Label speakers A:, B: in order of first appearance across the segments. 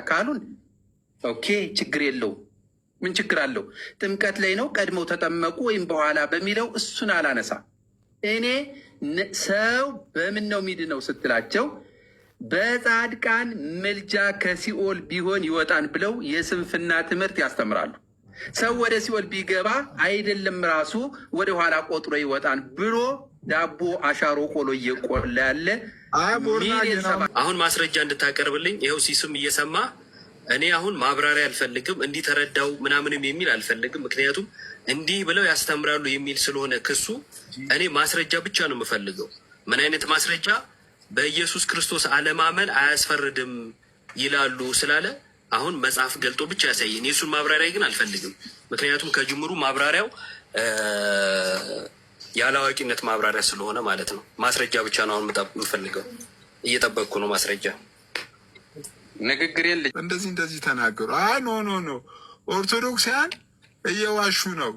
A: አካሉን ኦኬ፣ ችግር የለው። ምን ችግር አለው? ጥምቀት ላይ ነው ቀድመው ተጠመቁ ወይም በኋላ በሚለው እሱን አላነሳ። እኔ ሰው በምን ነው ነው ስትላቸው በጻድቃን ምልጃ ከሲኦል ቢሆን ይወጣን ብለው የስንፍና ትምህርት ያስተምራሉ። ሰው ወደ ሲኦል ቢገባ አይደለም ራሱ ወደኋላ ቆጥሮ ይወጣን ብሎ ዳቦ አሻሮ ቆሎ እየቆላ ያለ አሁን ማስረጃ እንድታቀርብልኝ ይኸው ሲስም እየሰማ እኔ አሁን ማብራሪያ አልፈልግም፣ እንዲተረዳው ምናምንም የሚል አልፈልግም። ምክንያቱም እንዲህ ብለው ያስተምራሉ የሚል ስለሆነ ክሱ እኔ ማስረጃ ብቻ ነው የምፈልገው። ምን አይነት ማስረጃ? በኢየሱስ ክርስቶስ አለማመን አያስፈርድም ይላሉ ስላለ አሁን መጽሐፍ ገልጦ ብቻ ያሳየን። የእሱን ማብራሪያ ግን አልፈልግም። ምክንያቱም ከጅምሩ ማብራሪያው ያለ አዋቂነት ማብራሪያ ስለሆነ ማለት ነው። ማስረጃ ብቻ ነው አሁን የምፈልገው። እየጠበቅኩ ነው ማስረጃ።
B: ንግግር የለ እንደዚህ እንደዚህ ተናገሩ። አይ ኖ ኖ ኖ፣ ኦርቶዶክሳውያን እየዋሹ ነው።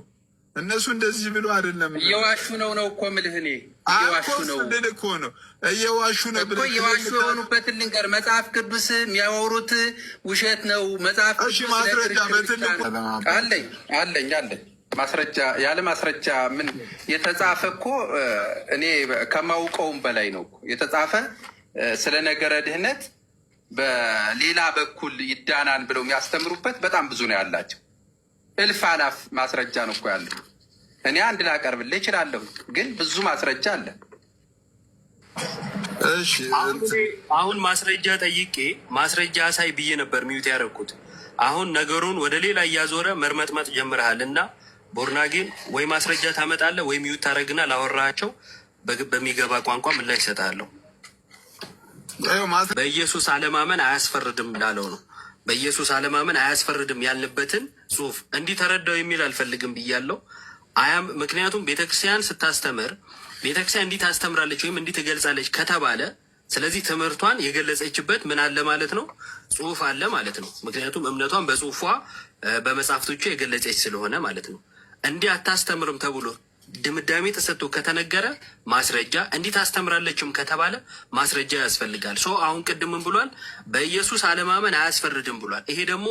B: እነሱ እንደዚህ ብሎ አይደለም
A: እየዋሹ ነው ነው እኮ የምልህ እኔ
B: እየዋሹ ነው ልል እኮ ነው እየዋሹ ነው
A: እኮ እየዋሹ የሆኑበትን ልንገር። መጽሐፍ ቅዱስ የሚያወሩት ውሸት ነው። መጽሐፍ
B: ቅዱስ ማስረጃ በትልቁ
A: አለኝ አለኝ አለኝ ማስረጃ ያለ ማስረጃ ምን የተጻፈ እኮ እኔ ከማውቀውም በላይ ነው የተጻፈ ስለ ነገረ ድህነት በሌላ በኩል ይዳናን ብለው የሚያስተምሩበት በጣም ብዙ ነው ያላቸው። እልፍ አላፍ ማስረጃ ነው እኮ ያለ። እኔ አንድ ላቀርብልህ እችላለሁ፣ ግን ብዙ ማስረጃ አለ። አሁን ማስረጃ ጠይቄ ማስረጃ አሳይ ብዬ ነበር ሚዩት ያደረኩት። አሁን ነገሩን ወደ ሌላ እያዞረ መርመጥመጥ ጀምረሃል እና ቦርናጌን ወይ ማስረጃ ታመጣለህ ወይ ሚዩት ታደርግና ላወራቸው በሚገባ ቋንቋ ምላሽ ይሰጣለሁ። በኢየሱስ አለማመን አያስፈርድም ላለው ነው። በኢየሱስ አለማመን አያስፈርድም ያልንበትን ጽሑፍ እንዲተረዳው የሚል አልፈልግም ብያለሁ። አያም ምክንያቱም ቤተክርስቲያን ስታስተምር ቤተክርስቲያን እንዲህ ታስተምራለች ወይም እንዲህ ትገልጻለች ከተባለ ስለዚህ ትምህርቷን የገለጸችበት ምን አለ ማለት ነው፣ ጽሁፍ አለ ማለት ነው። ምክንያቱም እምነቷን በጽሁፏ በመጽሐፍቶቿ የገለጸች ስለሆነ ማለት ነው። እንዲህ አታስተምርም ተብሎ ድምዳሜ ተሰጥቶ ከተነገረ ማስረጃ፣ እንዲህ ታስተምራለችም ከተባለ ማስረጃ ያስፈልጋል። ሶ አሁን ቅድምም ብሏል፣ በኢየሱስ አለማመን አያስፈርድም ብሏል። ይሄ ደግሞ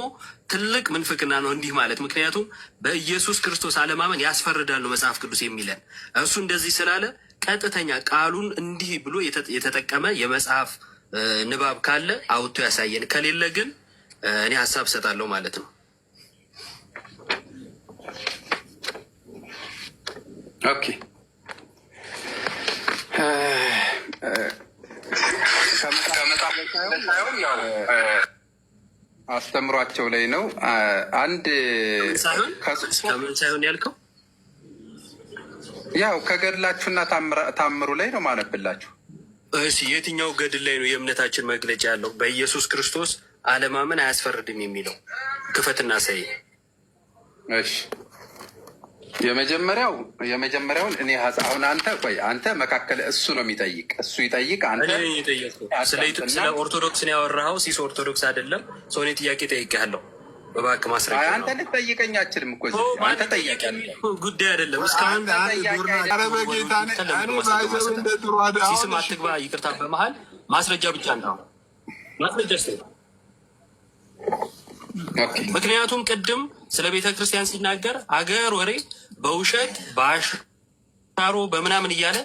A: ትልቅ ምንፍቅና ነው እንዲህ ማለት። ምክንያቱም በኢየሱስ ክርስቶስ አለማመን ያስፈርዳል ነው መጽሐፍ ቅዱስ የሚለን። እሱ እንደዚህ ስላለ ቀጥተኛ ቃሉን እንዲህ ብሎ የተጠቀመ የመጽሐፍ ንባብ ካለ አውጥቶ ያሳየን፣ ከሌለ ግን እኔ ሀሳብ እሰጣለሁ ማለት ነው።
B: ኦኬ euh, euh, አስተምሯቸው ላይ ነው። አንድ
A: ሳይሆን ያልከው
B: ያው ከገድላችሁና ታምሩ ላይ ነው ማነብላችሁ።
A: እስ የትኛው ገድል ላይ ነው የእምነታችን መግለጫ ያለው? በኢየሱስ ክርስቶስ አለማመን አያስፈርድም የሚለው ክፈትና ሳይ
B: እሺ የመጀመሪያው የመጀመሪያውን እኔ አሁን አንተ ቆይ አንተ መካከል እሱ ነው የሚጠይቅ እሱ ይጠይቅ። አንተ
A: ስለ ኦርቶዶክስ ነው ያወራኸው፣ ሲስ ኦርቶዶክስ አይደለም። ሰው እኔ ጥያቄ ጠይቄያለሁ፣ እባክህ ማስረጃ።
B: አንተ ልትጠይቀኝ አችልም እኮ አንተ ጠያቄ
A: ጉዳይ አይደለም። እስካሁን ሲስም አትግባ፣ ይቅርታ። በመሀል ማስረጃ ብቻ ነው ማስረጃ። ምክንያቱም ቅድም ስለ ቤተ ክርስቲያን ሲናገር አገር ወሬ በውሸት በአሻሮ በምናምን እያለ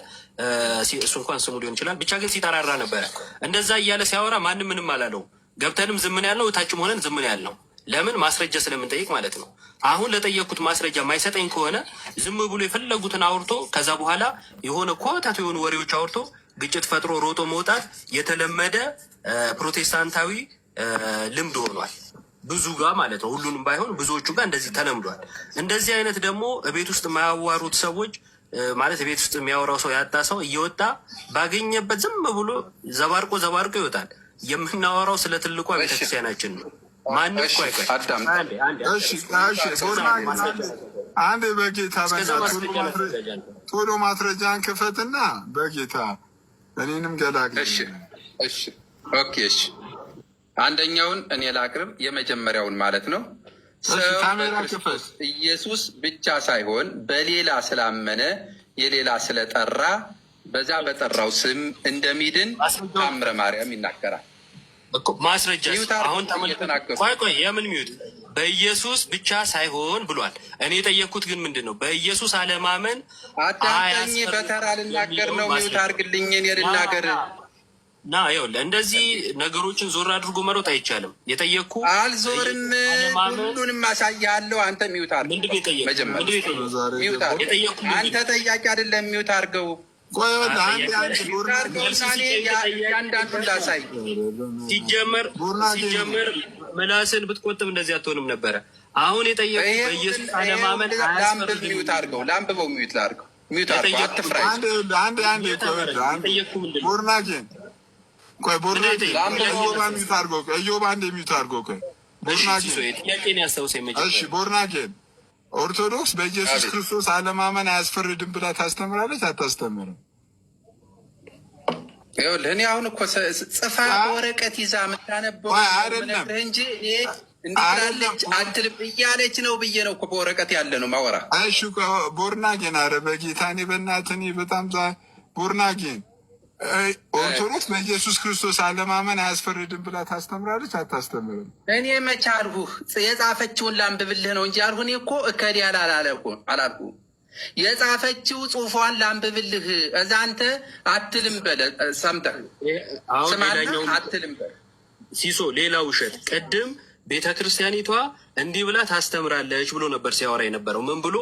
A: እሱ እንኳን ስሙ ሊሆን ይችላል ብቻ ግን ሲጠራራ ነበረ። እንደዛ እያለ ሲያወራ ማንም ምንም አላለው። ገብተንም ዝምን ያልነው እታችም ሆነን ዝምን ያልነው ለምን ማስረጃ ስለምንጠይቅ ማለት ነው። አሁን ለጠየቅኩት ማስረጃ ማይሰጠኝ ከሆነ ዝም ብሎ የፈለጉትን አውርቶ ከዛ በኋላ የሆነ ኮታት የሆኑ ወሬዎች አውርቶ ግጭት ፈጥሮ ሮጦ መውጣት የተለመደ ፕሮቴስታንታዊ ልምድ ሆኗል። ብዙ ጋር ማለት ነው። ሁሉንም ባይሆን ብዙዎቹ ጋር እንደዚህ ተለምዷል። እንደዚህ አይነት ደግሞ ቤት ውስጥ የማያዋሩት ሰዎች ማለት ቤት ውስጥ የሚያወራው ሰው ያጣ ሰው እየወጣ ባገኘበት ዝም ብሎ ዘባርቆ ዘባርቆ ይወጣል። የምናወራው ስለ ትልቋ ቤተክርስቲያናችን ነው። ማንም
B: አንድ በጌታ ቶሎ ማስረጃን ክፈትና በጌታ እኔንም ገላግ
A: እሺ፣ እሺ፣ ኦኬ፣ እሺ እሺ ኦኬ እሺ አንደኛውን እኔ ላቅርብ፣ የመጀመሪያውን ማለት ነው። ኢየሱስ ብቻ ሳይሆን በሌላ ስላመነ የሌላ ስለጠራ በዛ በጠራው ስም እንደሚድን ታምረ ማርያም ይናገራል። ማስረጃ አሁን ቆይ ቆይ፣ የምን ሚዩት በኢየሱስ ብቻ ሳይሆን ብሏል። እኔ የጠየኩት ግን ምንድን ነው? በኢየሱስ አለማመን
B: አዳኝ በተራ ልናገር ነው። ሚዩት አርግልኝን የልናገር
A: ና ው እንደዚህ ነገሮችን ዞር አድርጎ መሮጥ አይቻልም። የጠየቅኩ
B: አልዞርም፣ ሁሉንም አሳያለሁ። አንተ ሚውት አንተ ጠያቂ አይደለም። ሚውት አድርገው ያንዳንዱን
A: ሲጀመር ሲጀመር ምላስን ብትቆጥብ እንደዚህ አትሆንም ነበረ። አሁን የጠየቁ በኢየሱስ አለማመን
B: ቆይ ቦርና እሺ ቦርናጌን ኦርቶዶክስ በኢየሱስ ክርስቶስ አለማመን አያስፈርድም ብላ ታስተምራለች አታስተምርም?
A: ይኸውልህ እኔ አሁን እኮ ጽፋ ወረቀት ይዛ የምታነበው ነግርህ እንጂ እንዲላለች አትልም እያለች ነው ብዬ ነው እኮ በወረቀት ያለ ነው ማወራ።
B: እሺ ቦርናጌን፣ አረ በጌታ እኔ በእናትህ እኔ በጣም ቦርናጌን ኦርቶዶክስ በኢየሱስ ክርስቶስ አለማመን አያስፈርድም ብላ ታስተምራለች። አታስተምርም።
A: እኔ መቼ አልሁህ? የጻፈችውን ላንብብልህ ነው እንጂ አልሁህ። እኔ እኮ እከዲ አላልኩ። የጻፈችው ጽሁፏን ላንብብልህ። እዛ አንተ አትልም በለ ሰምተህ ስማለህ። አትልም በለ ሲሶ። ሌላ ውሸት ቅድም ቤተ ክርስቲያኒቷ እንዲህ ብላ ታስተምራለች ብሎ ነበር ሲያወራ የነበረው ምን ብሎ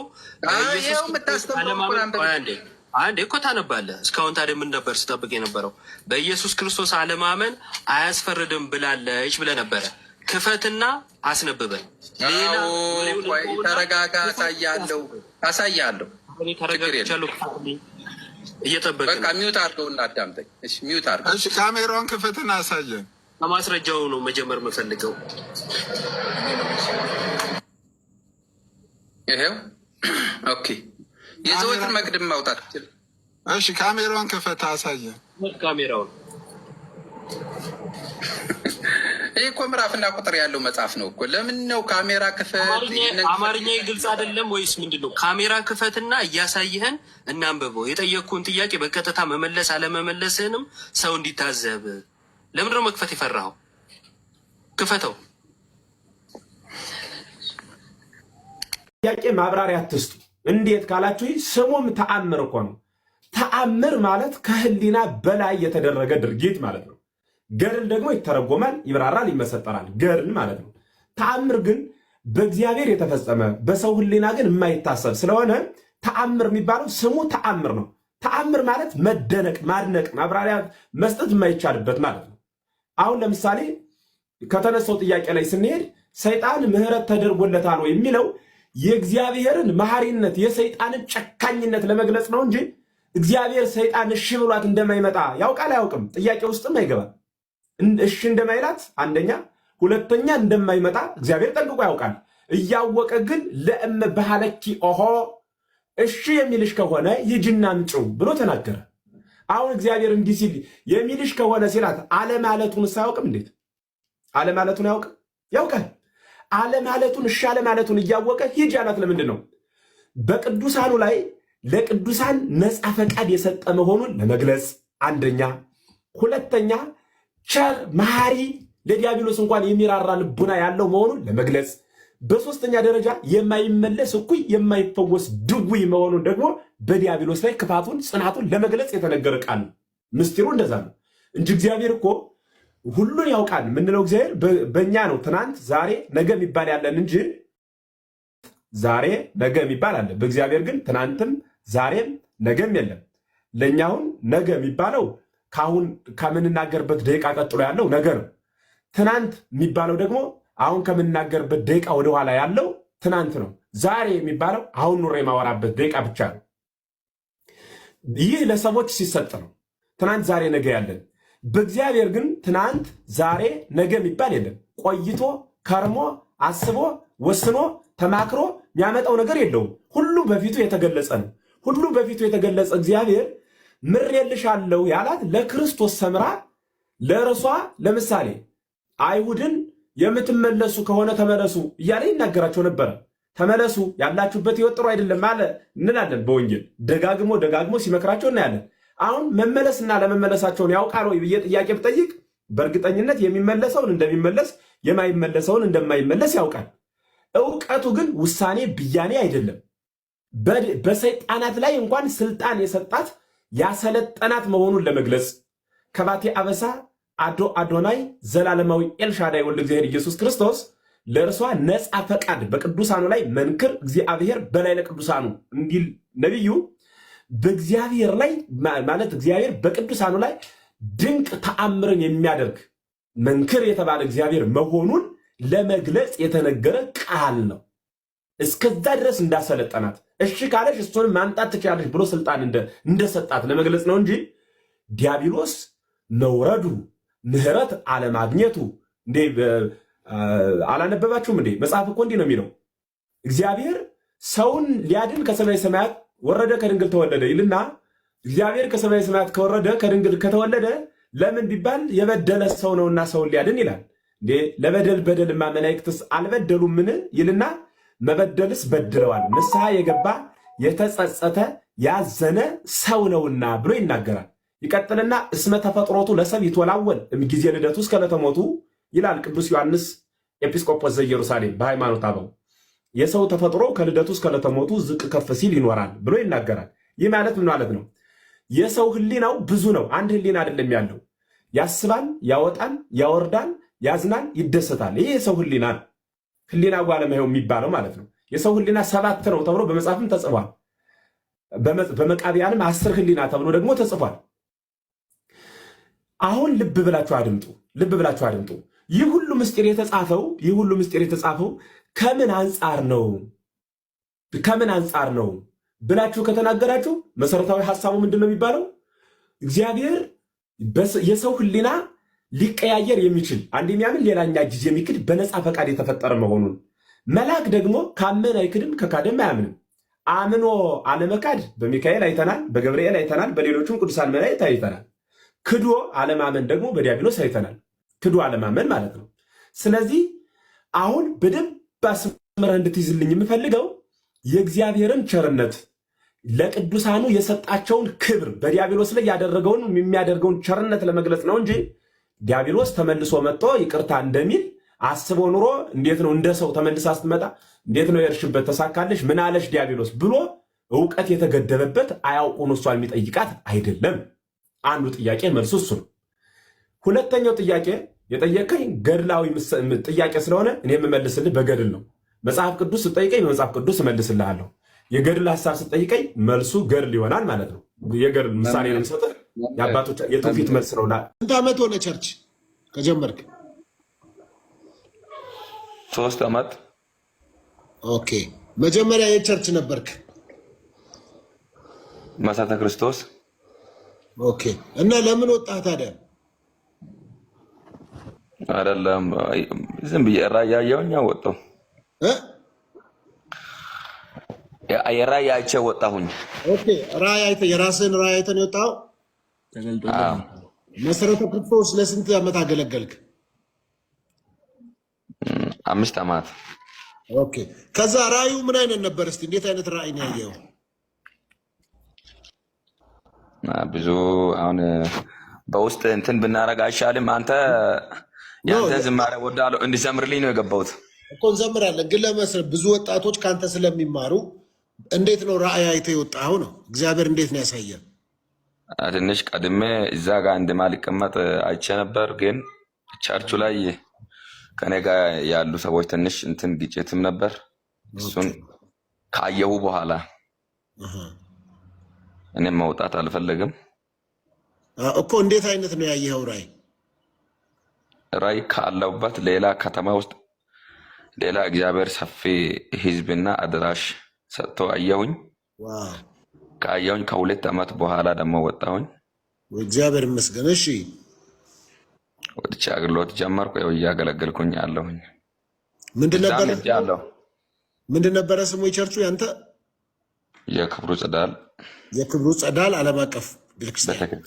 A: አንድ እኮ ታነባለህ። እስካሁን ታዲያ ምን ነበር ስጠብቅ የነበረው? በኢየሱስ ክርስቶስ አለማመን አያስፈርድም ብላለች ብለህ ነበረ። ክፈትና አስነብበን።
B: ተረጋጋ። አሳያለሁ፣ አሳያለሁ። እየጠበቅን በቃ ሚዩት አድርገው እና አዳምጠኝ። ሚዩት አድርገው። እሺ፣ ካሜራውን ክፈትና አሳየን።
A: ከማስረጃው ነው መጀመር የምፈልገው። ይሄው ኦኬ የዘወትር መቅድም ማውጣት
B: እሺ፣ ካሜራውን ክፈት፣ አሳየ
A: ካሜራውን። ይህ እኮ ምዕራፍና ቁጥር ያለው መጽሐፍ ነው እኮ። ለምን ነው ካሜራ ክፈት? አማርኛ ግልጽ አይደለም ወይስ ምንድን ነው? ካሜራ ክፈትና እያሳየህን እናንብበው። የጠየቅኩን ጥያቄ በቀጥታ መመለስ አለመመለስህንም ሰው እንዲታዘብ። ለምንድን ነው መክፈት የፈራኸው? ክፈተው። ጥያቄ ማብራሪያ አትስጡ። እንዴት ካላችሁ ስሙም ተአምር እኮ ነው። ተአምር ማለት ከህሊና በላይ የተደረገ ድርጊት ማለት ነው። ገድል ደግሞ ይተረጎማል፣ ይብራራል፣ ይመሰጠራል። ገድል ማለት ነው። ተአምር ግን በእግዚአብሔር የተፈጸመ በሰው ህሊና ግን የማይታሰብ ስለሆነ ተአምር የሚባለው ስሙ ተአምር ነው። ተአምር ማለት መደነቅ፣ ማድነቅ፣ ማብራሪያ መስጠት የማይቻልበት ማለት ነው። አሁን ለምሳሌ ከተነሳው ጥያቄ ላይ ስንሄድ ሰይጣን ምህረት ተደርጎለታል ወይ የሚለው የእግዚአብሔርን መሐሪነት የሰይጣንን ጨካኝነት ለመግለጽ ነው እንጂ እግዚአብሔር ሰይጣን እሺ ብሏት እንደማይመጣ ያውቃል አያውቅም? ጥያቄ ውስጥም አይገባም። እሺ እንደማይላት አንደኛ፣ ሁለተኛ እንደማይመጣ እግዚአብሔር ጠንቅቆ ያውቃል። እያወቀ ግን ለእመ ባህለኪ ኦሆ እሺ የሚልሽ ከሆነ ሂጂና አምጪው ብሎ ተናገረ። አሁን እግዚአብሔር እንዲህ ሲል የሚልሽ ከሆነ ሲላት አለማለቱን ሳያውቅም እንዴት አለማለቱን ያውቅ ያውቃል አለማለቱን እሺ አለማለቱን እያወቀ ሂጅ አላት። ለምንድን ነው? በቅዱሳኑ ላይ ለቅዱሳን ነፃ ፈቃድ የሰጠ መሆኑን ለመግለጽ አንደኛ። ሁለተኛ ቸር መሐሪ፣ ለዲያብሎስ እንኳን የሚራራ ልቡና ያለው መሆኑን ለመግለጽ በሶስተኛ ደረጃ የማይመለስ እኩይ የማይፈወስ ድውይ መሆኑን ደግሞ በዲያብሎስ ላይ ክፋቱን ጽናቱን ለመግለጽ የተነገረ ቃል ነው። ምስጢሩ እንደዛ ነው እንጂ እግዚአብሔር እኮ ሁሉን ያውቃል የምንለው እግዚአብሔር በእኛ ነው። ትናንት፣ ዛሬ፣ ነገ የሚባል ያለን እንጂ ዛሬ ነገ የሚባል አለ። በእግዚአብሔር ግን ትናንትም ዛሬም ነገም የለም። ለእኛ አሁን ነገ የሚባለው ከአሁን ከምንናገርበት ደቂቃ ቀጥሎ ያለው ነገ ነው። ትናንት የሚባለው ደግሞ አሁን ከምንናገርበት ደቂቃ ወደኋላ ያለው ትናንት ነው። ዛሬ የሚባለው አሁን ኑሮ የማወራበት ደቂቃ ብቻ ነው። ይህ ለሰዎች ሲሰጥ ነው። ትናንት፣ ዛሬ፣ ነገ ያለን በእግዚአብሔር ግን ትናንት፣ ዛሬ፣ ነገ የሚባል የለም። ቆይቶ ከርሞ አስቦ ወስኖ ተማክሮ የሚያመጣው ነገር የለውም። ሁሉ በፊቱ የተገለጸ ነው። ሁሉ በፊቱ የተገለጸ እግዚአብሔር ምሬልሻለሁ ያላት ለክርስቶስ ሰምራ ለእርሷ ለምሳሌ አይሁድን የምትመለሱ ከሆነ ተመለሱ እያለ ይናገራቸው ነበረ። ተመለሱ ያላችሁበት ሕይወት አይደለም አለ እንላለን። በወንጌል ደጋግሞ ደጋግሞ ሲመክራቸው እናያለን። አሁን መመለስና ለመመለሳቸውን ያውቃል ወይ ብዬ ጥያቄ ብጠይቅ በእርግጠኝነት የሚመለሰውን እንደሚመለስ የማይመለሰውን እንደማይመለስ ያውቃል። እውቀቱ ግን ውሳኔ ብያኔ አይደለም። በሰይጣናት ላይ እንኳን ስልጣን የሰጣት ያሰለጠናት መሆኑን ለመግለጽ ከባቴ አበሳ አዶ አዶናይ ዘላለማዊ ኤልሻዳይ ወልድ እግዚአብሔር ኢየሱስ ክርስቶስ ለእርሷ ነፃ ፈቃድ በቅዱሳኑ ላይ መንክር እግዚአብሔር በላይ ለቅዱሳኑ እንዲል ነቢዩ በእግዚአብሔር ላይ ማለት እግዚአብሔር በቅዱሳኑ ላይ ድንቅ ተአምርን የሚያደርግ መንክር የተባለ እግዚአብሔር መሆኑን ለመግለጽ የተነገረ ቃል ነው። እስከዛ ድረስ እንዳሰለጠናት እሺ ካለሽ እሱን ማምጣት ትችላለሽ ብሎ ስልጣን እንደሰጣት ለመግለጽ ነው እንጂ ዲያብሎስ መውረዱ ምህረት አለማግኘቱ እንዴ አላነበባችሁም እንዴ? መጽሐፍ እኮ እንዲህ ነው የሚለው እግዚአብሔር ሰውን ሊያድን ከሰማይ ሰማያት ወረደ ከድንግል ተወለደ ይልና እግዚአብሔር ከሰማይ ሰማያት ከወረደ ከድንግል ከተወለደ ለምን ቢባል የበደለ ሰው ነውና ሰውን ሊያድን ይላል። እንዴ ለበደል በደልማ መላእክትስ አልበደሉምን ይልና መበደልስ በድለዋል፣ ንስሐ የገባ የተጸጸተ ያዘነ ሰው ነውና ብሎ ይናገራል። ይቀጥልና እስመ ተፈጥሮቱ ለሰብ ይትወላወል እምጊዜ ልደቱ እስከ ዕለተ ይላል ቅዱስ ዮሐንስ ኤጲስቆጶስ ዘኢየሩሳሌም በሃይማኖት አበው የሰው ተፈጥሮ ከልደቱ እስከ ለተሞቱ ዝቅ ከፍ ሲል ይኖራል ብሎ ይናገራል። ይህ ማለት ምን ማለት ነው? የሰው ህሊናው ብዙ ነው። አንድ ህሊና አይደለም ያለው። ያስባል፣ ያወጣል፣ ያወርዳል፣ ያዝናል፣ ይደሰታል። ይሄ የሰው ህሊና ነው። ህሊና ጓለመው የሚባለው ማለት ነው። የሰው ህሊና ሰባት ነው ተብሎ በመጽሐፍም ተጽፏል። በመቃቢያንም አስር ህሊና ተብሎ ደግሞ ተጽፏል። አሁን ልብ ብላችሁ አድምጡ። ልብ ብላችሁ አድምጡ። ይህ ሁሉ ምስጢር የተጻፈው ይህ ሁሉ ምስጢር የተጻፈው ከምን አንጻር ነው ከምን አንጻር ነው ብላችሁ ከተናገራችሁ መሰረታዊ ሀሳቡ ምንድን ነው የሚባለው? እግዚአብሔር የሰው ህሊና ሊቀያየር የሚችል አንድ የሚያምን ሌላኛ ጊዜ የሚክድ በነፃ ፈቃድ የተፈጠረ መሆኑን መልአክ ደግሞ ካመን አይክድም ከካደም አያምንም። አምኖ አለመካድ በሚካኤል አይተናል፣ በገብርኤል አይተናል፣ በሌሎችም ቅዱሳን መላእክት አይተናል። ክዶ አለማመን ደግሞ በዲያብሎስ አይተናል። ክዶ አለማመን ማለት ነው። ስለዚህ አሁን በደንብ አስምረህ እንድትይዝልኝ የምፈልገው የእግዚአብሔርን ቸርነት ለቅዱሳኑ የሰጣቸውን ክብር በዲያብሎስ ላይ ያደረገውን የሚያደርገውን ቸርነት ለመግለጽ ነው እንጂ ዲያብሎስ ተመልሶ መጥቶ ይቅርታ እንደሚል አስቦ ኑሮ እንዴት ነው እንደ ሰው ተመልሳ ስትመጣ እንዴት ነው የእርሽበት ተሳካለሽ ምን አለሽ ዲያብሎስ ብሎ እውቀት የተገደበበት አያውቁን እሷ የሚጠይቃት አይደለም። አንዱ ጥያቄ መልሱ እሱ ነው። ሁለተኛው ጥያቄ የጠየቀኝ ገድላዊ ጥያቄ ስለሆነ እኔ የምመልስልህ በገድል ነው። መጽሐፍ ቅዱስ ስጠይቀኝ በመጽሐፍ ቅዱስ እመልስልሃለሁ። የገድል ሀሳብ ስጠይቀኝ መልሱ ገድል ይሆናል ማለት ነው። የገድል ምሳሌ ነው የምሰጥህ። የአባቶች የትውፊት መልስ ነው። ስንት
B: ዓመት ሆነ ቸርች ከጀመርክ? ሶስት ዓመት። ኦኬ። መጀመሪያ የቸርች ነበርክ? መሳተ ክርስቶስ። ኦኬ። እና ለምን ወጣህ ታዲያ? አይደለም ዝም ብዬ ራእይ ያየሁኝ ወጣሁ። የራእይ አይቼ ወጣሁኝ። ኦኬ ራእይ አይተህ የራስህን ራእይ አይተህ ነው የወጣኸው? መሰረተ ክርስቶስ ለስንት ዓመት አገለገልክ? አምስት ዓመት። ኦኬ ከዛ ራእዩ ምን አይነት ነበር? እስቲ እንዴት አይነት ራእይ ነው ያየኸው? ብዙ አሁን በውስጥ እንትን ብናረግ አይሻልም አንተ ያንተ ዝማሬ ወዳለው እንዲዘምርልኝ ነው የገባሁት እኮ እንዘምራለን። ግን ለመስረት ብዙ ወጣቶች ከአንተ ስለሚማሩ እንዴት ነው ራእይ አይተህ የወጣኸው? ነው እግዚአብሔር እንዴት ነው ያሳየ? ትንሽ ቀድሜ እዛ ጋር እንደማልቀመጥ አይቼ ነበር። ግን ቸርቹ ላይ ከኔ ጋር ያሉ ሰዎች ትንሽ እንትን ግጭትም ነበር። እሱን ካየሁ በኋላ እኔም መውጣት አልፈለግም እኮ። እንዴት አይነት ነው ያየኸው ራእይ? ራይ ካለውበት ሌላ ከተማ ውስጥ ሌላ እግዚአብሔር ሰፊ ህዝብና አድራሽ ሰጥቶ አየሁኝ። ከአየሁኝ ከሁለት ዓመት በኋላ ደግሞ ወጣሁኝ። እግዚአብሔር ይመስገን። እሺ፣ ወጥቼ አገልግሎት ጀመርኩ። ያው እያገለገልኩኝ አለሁኝ። ምንድን ነበረ ስሙ የቸርቹ ያንተ? የክብሩ ጸዳል፣ የክብሩ ጸዳል ዓለም አቀፍ ቤተክርስቲያን።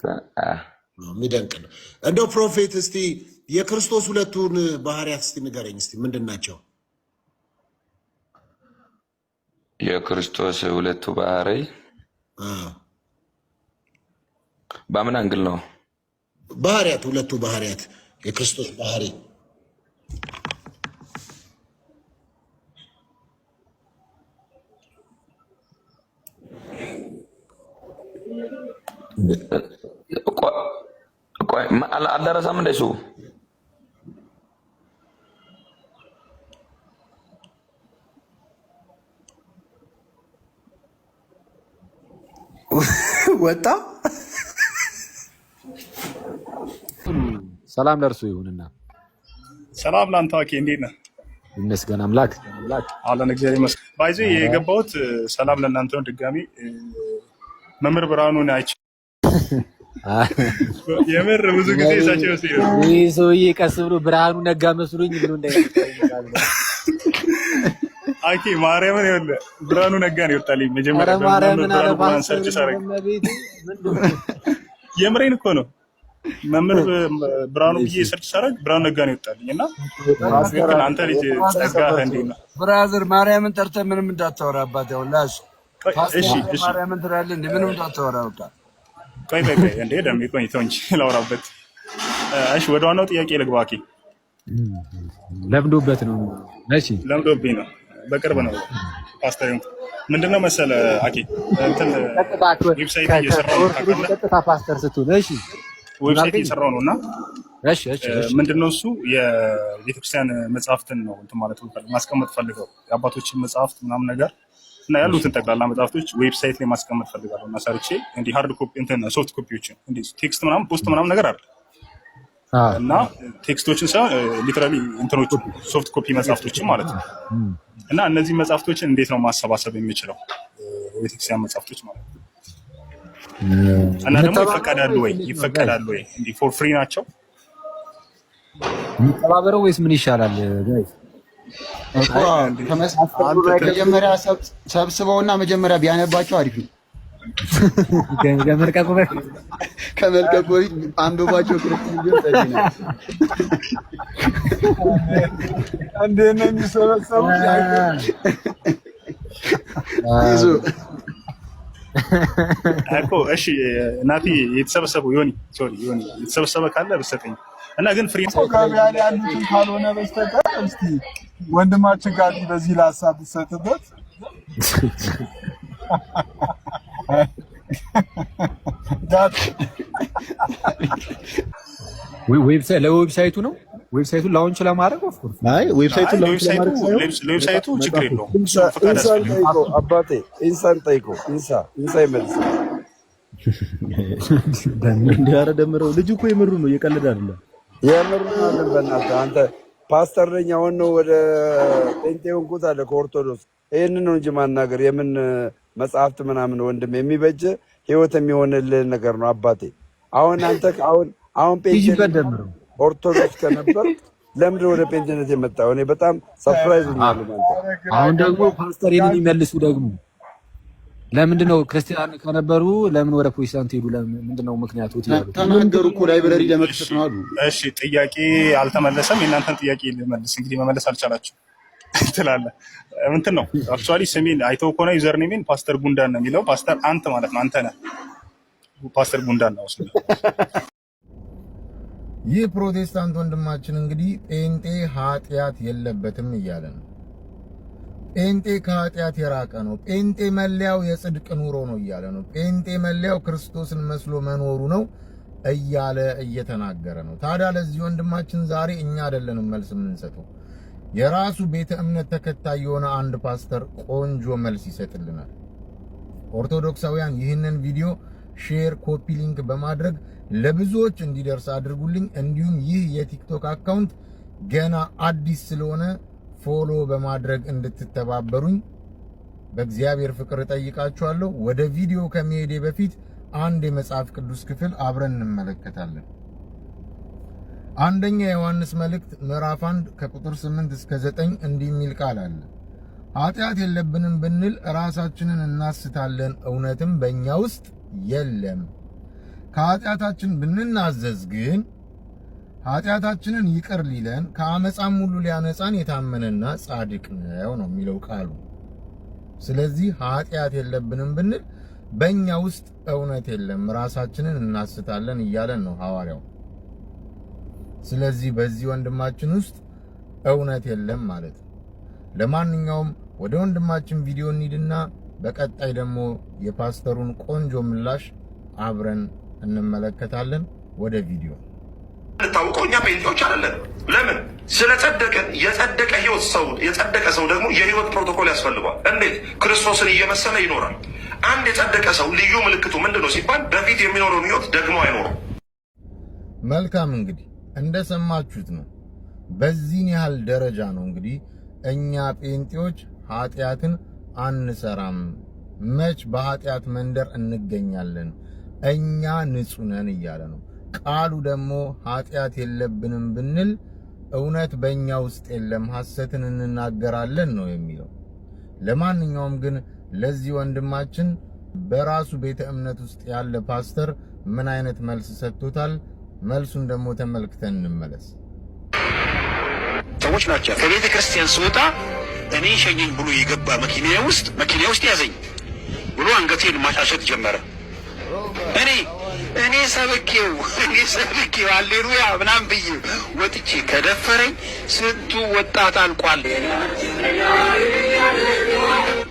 B: የሚደንቅ ነው እንደው ፕሮፌት እስቲ የክርስቶስ ሁለቱን ባህሪያት እስቲ ንገረኝ። እስቲ ምንድን ናቸው የክርስቶስ ሁለቱ ባህሪ? በምን አንግል ነው ባህሪያት? ሁለቱ ባህሪያት የክርስቶስ ባህሪ አልደረሰም እንደ ወጣ። ሰላም ለእርሱ ይሁንና፣ ሰላም ለአንተ ዋኬ፣ እንዴት ነህ? ይመስገን አምላክ አለን። እግዚአብሔር ይመስገን። ባይዞ የገባሁት ሰላም ለእናንተ ነው። ድጋሚ መምህር ብርሃኑን አይቼ የምር ብዙ ጊዜ እሳቸው ይህ ሰውዬ ቀስ ብሎ ብርሃኑ ነጋ መስሎኝ ብሎ እንዳይ አኬ ማርያምን ይወለ ብርሃኑ ነጋ ነው ይወጣልኝ። መጀመሪያ ብርሃኑ ሰርች ሳረግ የምሬን እኮ ነው መምህር ብርሃኑ ብዬ ሰርች ሳረግ ብርሃኑ ነጋ ነው ይወጣልኝ። እና አንተ ልጅ ጸጋ እንዴ ብራዘር፣ ማርያምን ጠርተ ምንም እንዳታወራ አባት ያው ላሽ እሺ፣ እሺ፣ ማርያምን ትላለህ እንዴ? ምንም እንዳታወራ ወጣ። ቆይ ቆይ ቆይ እንዴ ደም ቆይ ተው እንጂ ላውራበት። እሺ፣ ወደ ዋናው ጥያቄ ልግባ። አኬ ለምዶበት ነው። እሺ፣ ለምዶብኝ ነው በቅርብ ነው ፓስተር ሆንኩ። ምንድነው መሰለ አኬ እንትን ዌብሳይት እየሰራሁ ነው። ቀጥታ ፓስተር ስትሆን ዌብሳይት እየሰራሁ ነው እና እሺ፣ እሺ፣ ምንድነው እሱ የቤተክርስቲያን መጽሐፍትን ነው እንትን ማለት ነው ማስቀመጥ ፈልገው የአባቶችን መጽሐፍት ምናምን ነገር እና ያሉትን ጠቅላላ መጽሐፍቶች ዌብሳይት ላይ ማስቀመጥ ፈልጋለሁ እና ሰርቼ እንዲህ ሃርድ ኮፒ እንትን ሶፍት ኮፒዎችን እንዲህ ቴክስት ምናምን ፖስት ምናምን ነገር አለ እና ቴክስቶችን ሳይሆን ሊትራሊ እንትኖቹ ሶፍት ኮፒ መጽሐፍቶችን ማለት ነው። እና እነዚህ መጽሐፍቶችን እንዴት ነው ማሰባሰብ የሚችለው የቤተክርስቲያን መጽሐፍቶች ማለት ነው። እና ደግሞ ይፈቀዳሉ ወይ ይፈቀዳሉ ወይ እንዲህ ፎር ፍሪ ናቸው የሚጠባበረው ወይስ ምን ይሻላል? ከመጽሐፍ መጀመሪያ ሰብስበውና መጀመሪያ ቢያነባቸው አሪፍ ነው። ከመልቀቁ በፊት አንብባቸው። እንዴት ነው የሚሰበሰቡት? እሺ ናቲ የተሰበሰበው ዮኒ ዮኒ የተሰበሰበ ካለ ብትሰጠኝ እና ግን ፍሪ ጋር ያሉትን ካልሆነ በስተቀር እስኪ ወንድማችን ጋር በዚህ ለሀሳብ ብትሰጥበት ለዌብሳይቱ ነው። ዌብሳይቱን ላውንች ለማድረግ ኦፍኮርስ፣ አይ ዌብሳይቱን ዌብሳይቱ ችግር የለውም። ኢንሳን ጠይቆ አባቴ፣ ኢንሳን ጠይቆ ኢንሳ ኢንሳ ይመልስ ኧረ ደምረው ልጅ እኮ የምሩ ነው፣ እየቀለደ አይደለም። የምሩ ነው። በእናትህ አንተ ፓስተር ነኝ አሁን ነው ወደ ጴንጤውን ኩት አለ ከኦርቶዶክስ ይህንን ነው እንጂ ማናገር የምን መጽሐፍት ምናምን ወንድም የሚበጀ ህይወት የሚሆንልህ ነገር ነው አባቴ። አሁን አንተ አሁን አሁን ኦርቶዶክስ ከነበር ለምንድን ወደ ጴንጤነት የመጣው? እኔ በጣም ሰርፕራይዝ ሆኛል። አሁን ደግሞ ፓስተር ይህንን ይመልሱ ደግሞ ለምንድን ነው ክርስቲያን ከነበሩ ለምን ወደ ፕሮቴስታንት ሄዱ? ለምንድን ነው ምክንያቱ? ተናገሩ እኮ ላይብረሪ ለመክሰት ነው አሉ። እሺ ጥያቄ አልተመለሰም። የእናንተን ጥያቄ ልመልስ እንግዲህ መመለስ አልቻላችሁ ትላለህ። እንትን ነው አክቹዋሊ ስሜን አይተው ከሆነ ዩዘር ኔሜን ፓስተር ጉንዳን ነው የሚለው። ፓስተር አንተ ማለት ነው። አንተ ነህ ፓስተር ጉንዳን ነው። ይህ ፕሮቴስታንት ወንድማችን እንግዲህ ጴንጤ ኃጢአት የለበትም እያለ ነው። ጴንጤ ከኃጢአት የራቀ ነው። ጴንጤ መለያው የጽድቅ ኑሮ ነው እያለ ነው። ጴንጤ መለያው ክርስቶስን መስሎ መኖሩ ነው እያለ እየተናገረ ነው። ታዲያ ለዚህ ወንድማችን ዛሬ እኛ አይደለንም መልስ የምንሰጠው የራሱ ቤተ እምነት ተከታይ የሆነ አንድ ፓስተር ቆንጆ መልስ ይሰጥልናል። ኦርቶዶክሳውያን ይህንን ቪዲዮ ሼር፣ ኮፒ ሊንክ በማድረግ ለብዙዎች እንዲደርስ አድርጉልኝ። እንዲሁም ይህ የቲክቶክ አካውንት ገና አዲስ ስለሆነ ፎሎ በማድረግ እንድትተባበሩኝ በእግዚአብሔር ፍቅር እጠይቃችኋለሁ። ወደ ቪዲዮ ከመሄዴ በፊት አንድ የመጽሐፍ ቅዱስ ክፍል አብረን እንመለከታለን። አንደኛ የዮሐንስ መልእክት ምዕራፍ 1 ከቁጥር 8 እስከ 9 እንዲህ የሚል ቃል አለ። ኃጢአት የለብንም ብንል ራሳችንን እናስታለን፣ እውነትም በእኛ ውስጥ የለም። ከኃጢአታችን ብንናዘዝ ግን ኃጢአታችንን ይቅር ሊለን ከአመፃም ሁሉ ሊያነጻን የታመነና ጻድቅ ነው ነው የሚለው ቃሉ። ስለዚህ ኃጢአት የለብንም ብንል በእኛ ውስጥ እውነት የለም፣ ራሳችንን እናስታለን እያለን ነው ሐዋርያው። ስለዚህ በዚህ ወንድማችን ውስጥ እውነት የለም ማለት ነው። ለማንኛውም ወደ ወንድማችን ቪዲዮ እንሂድና በቀጣይ ደግሞ የፓስተሩን ቆንጆ ምላሽ አብረን እንመለከታለን። ወደ ቪዲዮ ታውቆ እኛ ጴንጤዎች አይደለን። ለምን ስለጸደቀ የጸደቀ ህይወት ሰው የጸደቀ ሰው ደግሞ የህይወት ፕሮቶኮል ያስፈልገዋል። እንዴት ክርስቶስን እየመሰለ ይኖራል። አንድ የጸደቀ ሰው ልዩ ምልክቱ ምንድን ነው ሲባል በፊት የሚኖረውን ህይወት ደግሞ አይኖርም። መልካም እንግዲህ እንደሰማችሁት ነው። በዚህን ያህል ደረጃ ነው እንግዲህ እኛ ጴንጤዎች ኃጢአትን አንሰራም፣ መች በኃጢአት መንደር እንገኛለን፣ እኛ ንጹህ ነን እያለ ነው። ቃሉ ደግሞ ኃጢአት የለብንም ብንል እውነት በእኛ ውስጥ የለም፣ ሐሰትን እንናገራለን ነው የሚለው። ለማንኛውም ግን ለዚህ ወንድማችን በራሱ ቤተ እምነት ውስጥ ያለ ፓስተር ምን አይነት መልስ ሰጥቶታል? መልሱን ደግሞ ተመልክተን እንመለስ። ሰዎች ናቸው። ከቤተ ክርስቲያን ስወጣ እኔ ሸኘኝ ብሎ የገባ መኪና ውስጥ መኪና ውስጥ ያዘኝ ብሎ አንገቴን ማሻሸት ጀመረ። እኔ እኔ ሰብኬው እኔ ሰብኬው አሌሉያ ምናምን ብዬ ወጥቼ ከደፈረኝ ስንቱ ወጣት አልቋል።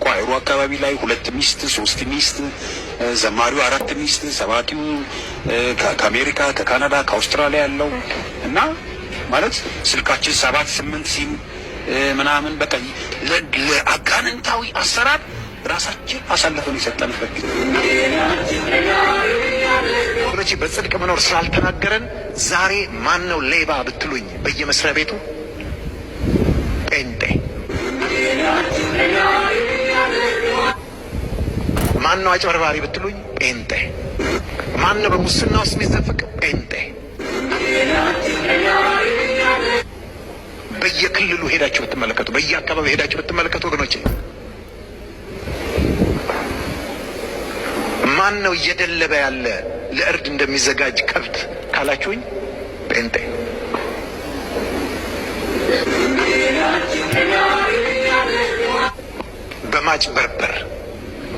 B: ቋይሮ አካባቢ ላይ ሁለት ሚስት ሶስት ሚስት ዘማሪው አራት ሚስት፣ ሰባቲው ከአሜሪካ ከካናዳ ከአውስትራሊያ ያለው እና ማለት ስልካችን ሰባት ስምንት ሲም ምናምን በቃ ለአጋንንታዊ አሰራር ራሳችን አሳልፈን የሰጠንበት ጊዜ በጽድቅ መኖር ስላልተናገረን ዛሬ ማን ነው ሌባ ብትሉኝ በየመስሪያ ቤቱ ጴንጤ ማን ነው አጭበርባሪ ብትሉኝ፣ ጴንጤ። ማን ነው በሙስና ውስጥ የሚዘፍቅ? ጴንጤ። በየክልሉ ሄዳችሁ ብትመለከቱ፣ በየአካባቢው ሄዳችሁ ብትመለከቱ ወገኖቼ ማን ነው እየደለበ ያለ ለእርድ እንደሚዘጋጅ ከብት ካላችሁኝ፣ ጴንጤ። በማጭበርበር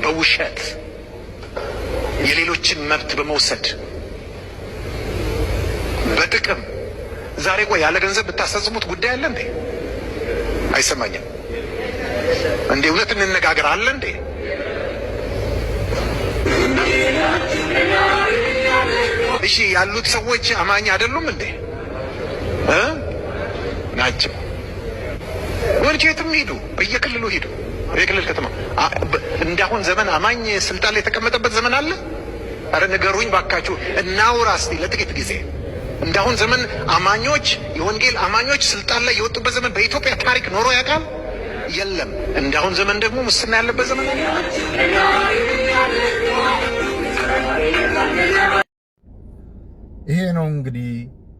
B: በውሸት የሌሎችን መብት በመውሰድ በጥቅም ዛሬ ቆይ ያለ ገንዘብ ብታስፈጽሙት ጉዳይ አለ እንዴ? አይሰማኝም እንዴ? እውነት እንነጋገር አለ እንዴ? እሺ ያሉት ሰዎች አማኝ አይደሉም እንዴ? እ ናቸው ወንጀትም ሂዱ፣ በየክልሉ ሂዱ፣ በየክልል ከተማ እንዳሁን ዘመን አማኝ ስልጣን ላይ የተቀመጠበት ዘመን አለ? አረ ንገሩኝ ባካችሁ፣ እናውራ እስቲ ለጥቂት ጊዜ። እንዳሁን ዘመን አማኞች የወንጌል አማኞች ስልጣን ላይ የወጡበት ዘመን በኢትዮጵያ ታሪክ ኖሮ ያውቃል? የለም። እንዳሁን ዘመን ደግሞ ሙስና ያለበት ዘመን ይሄ ነው እንግዲህ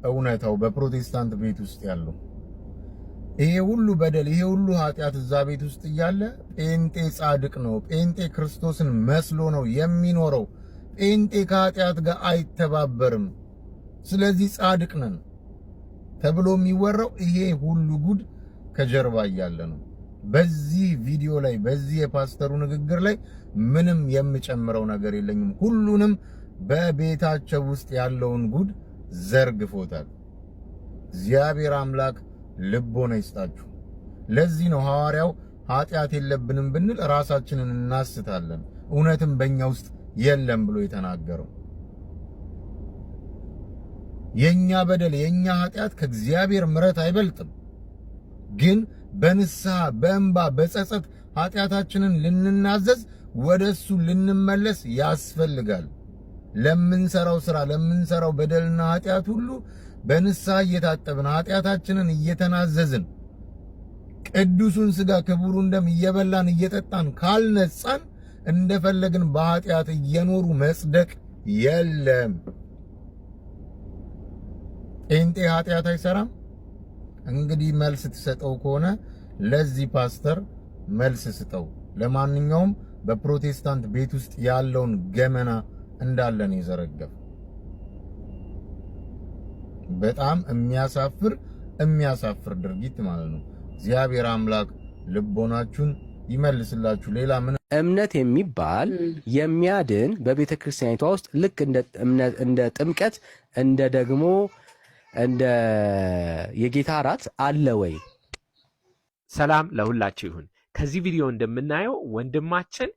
B: እውነታው በፕሮቴስታንት ቤት ውስጥ ያለው ይሄ ሁሉ በደል ይሄ ሁሉ ኃጢአት እዛ ቤት ውስጥ እያለ ጴንጤ ጻድቅ ነው፣ ጴንጤ ክርስቶስን መስሎ ነው የሚኖረው። ጴንጤ ከኃጢአት ጋር አይተባበርም፣ ስለዚህ ጻድቅ ነን ተብሎ የሚወራው ይሄ ሁሉ ጉድ ከጀርባ እያለ ነው። በዚህ ቪዲዮ ላይ በዚህ የፓስተሩ ንግግር ላይ ምንም የምጨምረው ነገር የለኝም። ሁሉንም በቤታቸው ውስጥ ያለውን ጉድ ዘርግፎታል። እግዚአብሔር አምላክ ልቦና ይስጣችሁ። ለዚህ ነው ሐዋርያው ኃጢአት የለብንም ብንል ራሳችንን እናስታለን፣ እውነትም በእኛ ውስጥ የለም ብሎ የተናገረው። የኛ በደል የኛ ኃጢአት ከእግዚአብሔር ምረት አይበልጥም። ግን በንስሐ በእንባ በጸጸት ኃጢአታችንን ልንናዘዝ ወደ እሱ ልንመለስ ያስፈልጋል። ለምንሰራው ስራ ለምንሰራው በደልና ኃጢአት ሁሉ በንስሐ እየታጠብን ኃጢአታችንን እየተናዘዝን ቅዱሱን ስጋ ክቡሩን ደም እየበላን እየጠጣን ካልነጻን እንደፈለግን በኃጢአት እየኖሩ መጽደቅ የለም። ጴንጤ ኃጢአት አይሰራም። እንግዲህ መልስ ትሰጠው ከሆነ ለዚህ ፓስተር መልስ ስጠው። ለማንኛውም በፕሮቴስታንት ቤት ውስጥ ያለውን ገመና እንዳለን የዘረገፈ በጣም የሚያሳፍር የሚያሳፍር ድርጊት ማለት ነው። እግዚአብሔር አምላክ ልቦናችሁን ይመልስላችሁ። ሌላ ምን እምነት የሚባል የሚያድን በቤተ ክርስቲያኒቷ ውስጥ ልክ እንደ ጥምቀት እንደ ደግሞ እንደ የጌታ እራት አለ ወይ? ሰላም ለሁላችሁ ይሁን። ከዚህ ቪዲዮ እንደምናየው ወንድማችን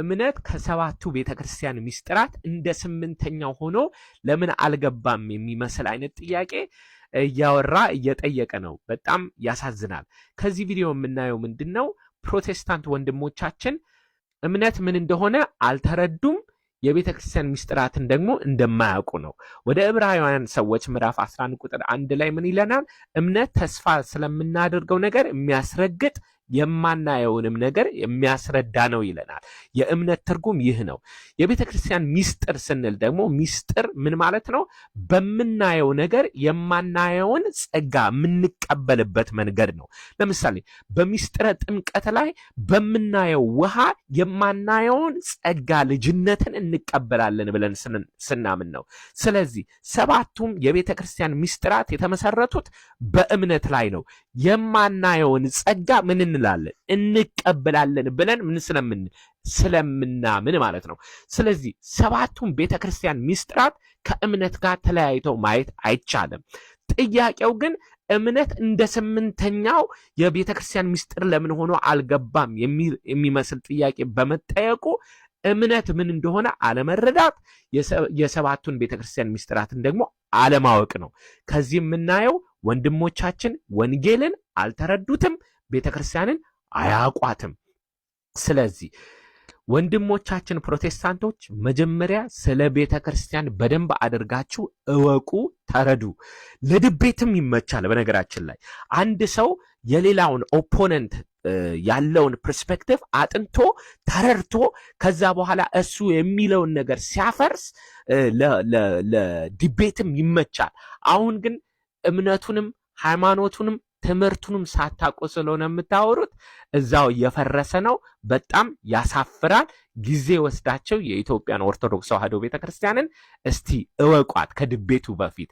B: እምነት ከሰባቱ ቤተ ክርስቲያን ሚስጥራት እንደ ስምንተኛው ሆኖ ለምን አልገባም የሚመስል አይነት ጥያቄ እያወራ እየጠየቀ ነው። በጣም ያሳዝናል። ከዚህ ቪዲዮ የምናየው ምንድን ነው? ፕሮቴስታንት ወንድሞቻችን እምነት ምን እንደሆነ አልተረዱም። የቤተ ክርስቲያን ሚስጥራትን ደግሞ እንደማያውቁ ነው። ወደ ዕብራውያን ሰዎች ምዕራፍ 11 ቁጥር አንድ ላይ ምን ይለናል? እምነት ተስፋ ስለምናደርገው ነገር የሚያስረግጥ የማናየውንም ነገር የሚያስረዳ ነው ይለናል። የእምነት ትርጉም ይህ ነው። የቤተ ክርስቲያን ሚስጥር ስንል ደግሞ ሚስጥር ምን ማለት ነው? በምናየው ነገር የማናየውን ጸጋ የምንቀበልበት መንገድ ነው። ለምሳሌ በሚስጥረ ጥምቀት ላይ በምናየው ውሃ የማናየውን ጸጋ ልጅነትን እንቀበላለን ብለን ስናምን ነው። ስለዚህ ሰባቱም የቤተ ክርስቲያን ሚስጥራት የተመሰረቱት በእምነት ላይ ነው። የማናየውን ጸጋ ምን እንላለን እንቀበላለን ብለን ምን ስለምን ስለምናምን ማለት ነው። ስለዚህ ሰባቱን ቤተ ክርስቲያን ሚስጥራት ከእምነት ጋር ተለያይተው ማየት አይቻልም። ጥያቄው ግን እምነት እንደ ስምንተኛው የቤተ ክርስቲያን ሚስጥር ለምን ሆኖ አልገባም የሚመስል ጥያቄ በመጠየቁ እምነት ምን እንደሆነ አለመረዳት፣ የሰባቱን ቤተ ክርስቲያን ሚስጥራትን ደግሞ አለማወቅ ነው። ከዚህ የምናየው ወንድሞቻችን ወንጌልን አልተረዱትም። ቤተ ክርስቲያንን አያውቋትም። ስለዚህ ወንድሞቻችን ፕሮቴስታንቶች መጀመሪያ ስለ ቤተ ክርስቲያን በደንብ አድርጋችሁ እወቁ፣ ተረዱ። ለድቤትም ይመቻል። በነገራችን ላይ አንድ ሰው የሌላውን ኦፖነንት ያለውን ፐርስፔክቲቭ አጥንቶ ተረድቶ ከዛ በኋላ እሱ የሚለውን ነገር ሲያፈርስ ለድቤትም ይመቻል። አሁን ግን እምነቱንም ሃይማኖቱንም ትምህርቱንም ሳታውቁ ስለሆነ የምታወሩት እዛው እየፈረሰ ነው። በጣም ያሳፍራል። ጊዜ ወስዳቸው የኢትዮጵያን ኦርቶዶክስ ተዋህዶ ቤተክርስቲያንን እስቲ እወቋት ከድቤቱ በፊት